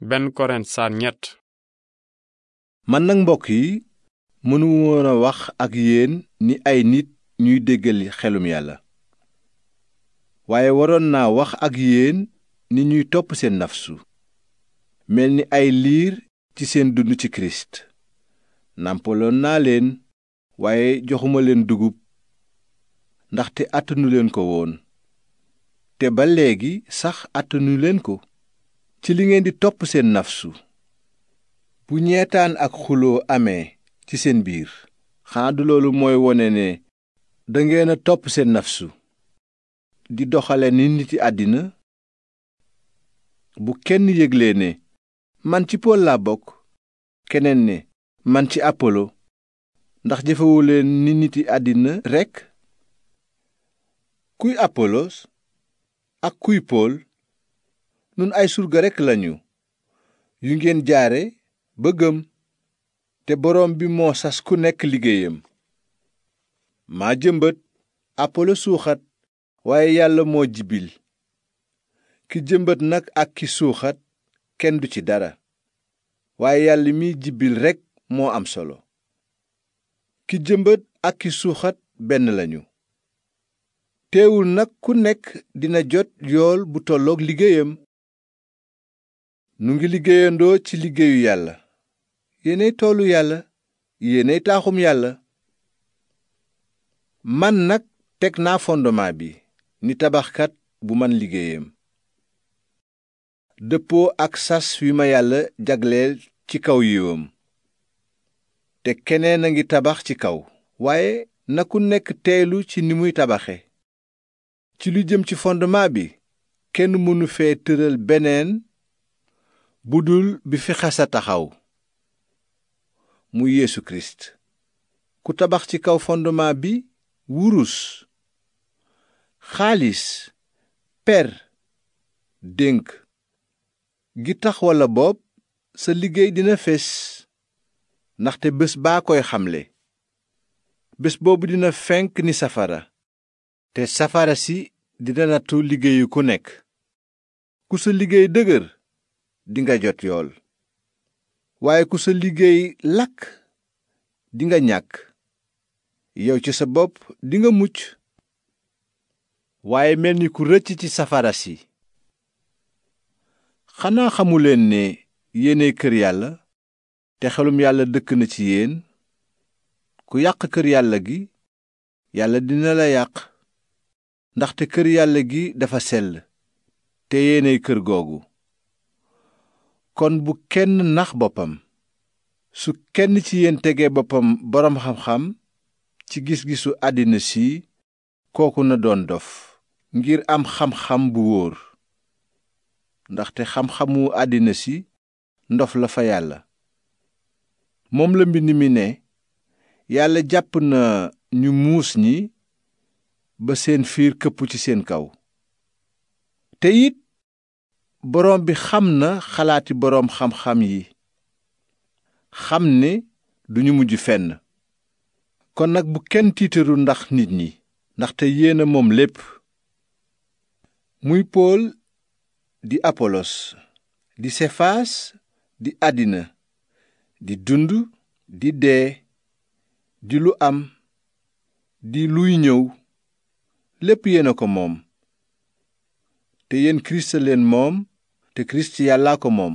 benn korent saar ñett man nag mbokk yi mënu woon a wax ak yéen ni ay nit ñuy déggali xelum yàlla waaye waroon naa wax ak yéen ni ñuy topp seen nafsu mel ni ay liir ci seen dund ci kirist nàmpaloon naa leen waaye joxuma leen dugub ndaxte àttanu leen ko woon te ba léegi sax àttanu leen ko ci li ngeen di topp seen nafsu bu ñeetaan ak xuloo amee ci seen biir xanaa du loolu mooy wone ne dangeen a topp seen nafsu di doxale ni niti àddina bu kenn yéglee ne man ci pool laa bokk keneen ne man ci apolo ndax jëfewuleen ni niti àddina rekk kuy apolos ak kuy nun ay surga rekk lañu yu ngeen jaare ba te boroom bi moo sas ku nekk liggéeyam maa jëmbat apolo suuxat waaye yàlla moo jibil ki jëmbët nag ak ki suuxat kenn du ci dara waaye yàlla mi jibbil rekk moo am solo ki jëmbët ak ki suuxat benn lañu teewul nag ku nekk dina jot yool bu tollook liggéeyam nu ngi liggéeyandoo ci liggéeyu yàlla yéenay toolu yàlla yéenay taaxum yàlla man nag teg naa fondement bi ni tabaxkat bu man liggéeyam dëppoo ak sas wi ma yàlla jagleel ci kaw yiwam te keneen a ngi tabax ci kaw waaye na ku nekk teelu ci ni muy tabaxe ci lu jëm ci fondement bi kenn mënu fee tëral beneen bu dul bi fi xesa taxaw muy Yeesu Kirist ku tabax ci kaw fondement bi wurus xaalis per dénk gi tax walla bopp sa liggéey dina fés ndaxte bés baa koy xamle bés boobu dina fenk ni safara te safara si dina nattu liggéeyu ku nekk ku sa liggéey dëgër dinga jot yool waaye ku sa liggéey lakk dinga ñàkk yow ci sa bopp dinga mucc waaye mel ni ku rëcc ci safara si xanaa xamuleen ne yéenay kër yàlla te xelum yàlla dëkk na ci yéen ku yàq kër yàlla gi yàlla dina la yàq ndaxte kër yàlla gi dafa sell te yéenay kër googu kon bu kenn nax boppam su kenn ci yéen tegee boppam boroom xam-xam ci gis-gisu àddina si kooku na doon dof ngir am xam-xam bu wóor ndaxte xam-xamu àddina si ndof la fa yàlla moom la mbind mi ne yàlla jàpp na ñu muus ñi ba seen fiir këpp ci seen kaw boroom bi xam na xalaati boroom xam-xam yi xam ne duñu mujj fenn kon nag bu kenn tiitaru ndax nit ñi ndaxte yéena moom lépp muy pool di apolos di sefas di àddina di dund di dee di lu am di luy ñëw lépp yéena ko moom te yéen Kirist a leen moom te Kirist Yàllaa ko moom